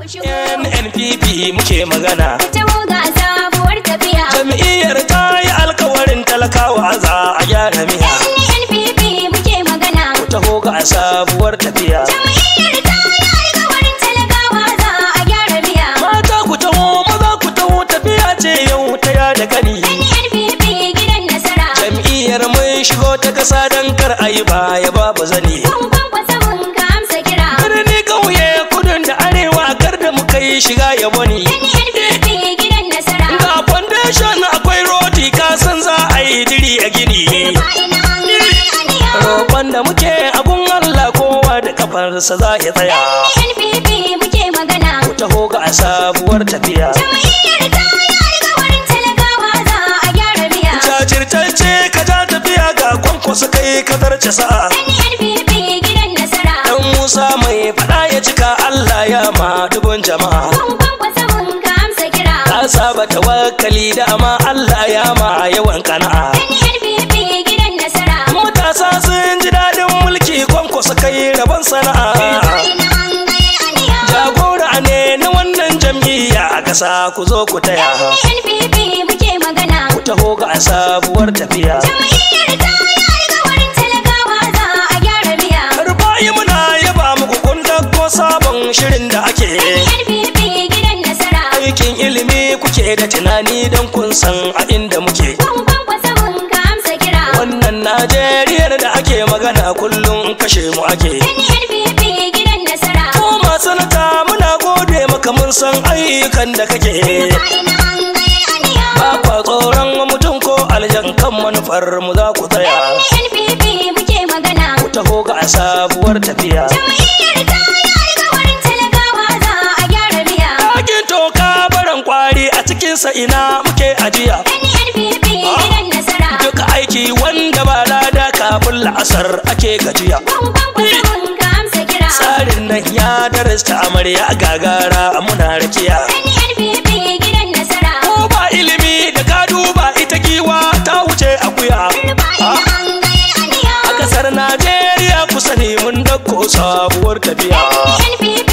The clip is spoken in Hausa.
NNPP muke magana. Ta mu ga sabuwar tafiya. Jam'iyyar ta yi alkawarin talakawa za a gyara miya. NNPP muke magana. Ku taho ga sabuwar tafiya. Jam'iyyar ta yi alkawarin talakawa za a gyara miya. Mata ku taho maza ku taho tafiya ce yau ta da gani. NNPP gidan nasara. Jam'iyyar mun shigo ta kasa don kar a yi baya babu zani. shiga yabo ne ga foundation akwai rodi kasan za a yi diri a gini roƙon da muke abun allah kowa da kafarsa za ya tsaya ku taho ga sabuwar tafiya jajirtacce ka tafiya ga kwankwasa kai ka zarce sa'a dan musa mai faɗa ya cika allah ya ma jama'a dubun jama'a ka saba tawakali da amma Allah ya ma yawan kana'a matasa sun ji daɗin mulki kwankwasa kai rabon sana'a jagora ne na wannan jam'iyya a ƙasa ku zo ku taya ku taho ga sabuwar tafiya shirin da ake aikin ilimi kuke da tunani don kun san a inda muke wannan najeriyar da ake magana kullum kashe mu ake ko masu nata muna gode maka mun san ayyukan da kake ba kwa tsoron mutum ko aljan kan manufar mu za ku tsaya ku taho ga sabuwar tafiya sa ina muke ajiya ah. duk aiki wanda ba lada kafin la'asar ake gajiya tsarin nan ya darasta amarya gagara muna rakiya ko ba ilimi da gado ba ita giwa ta wuce akuya ah. a ƙasar najeriya kusa ne mun dauko sabuwar tafiya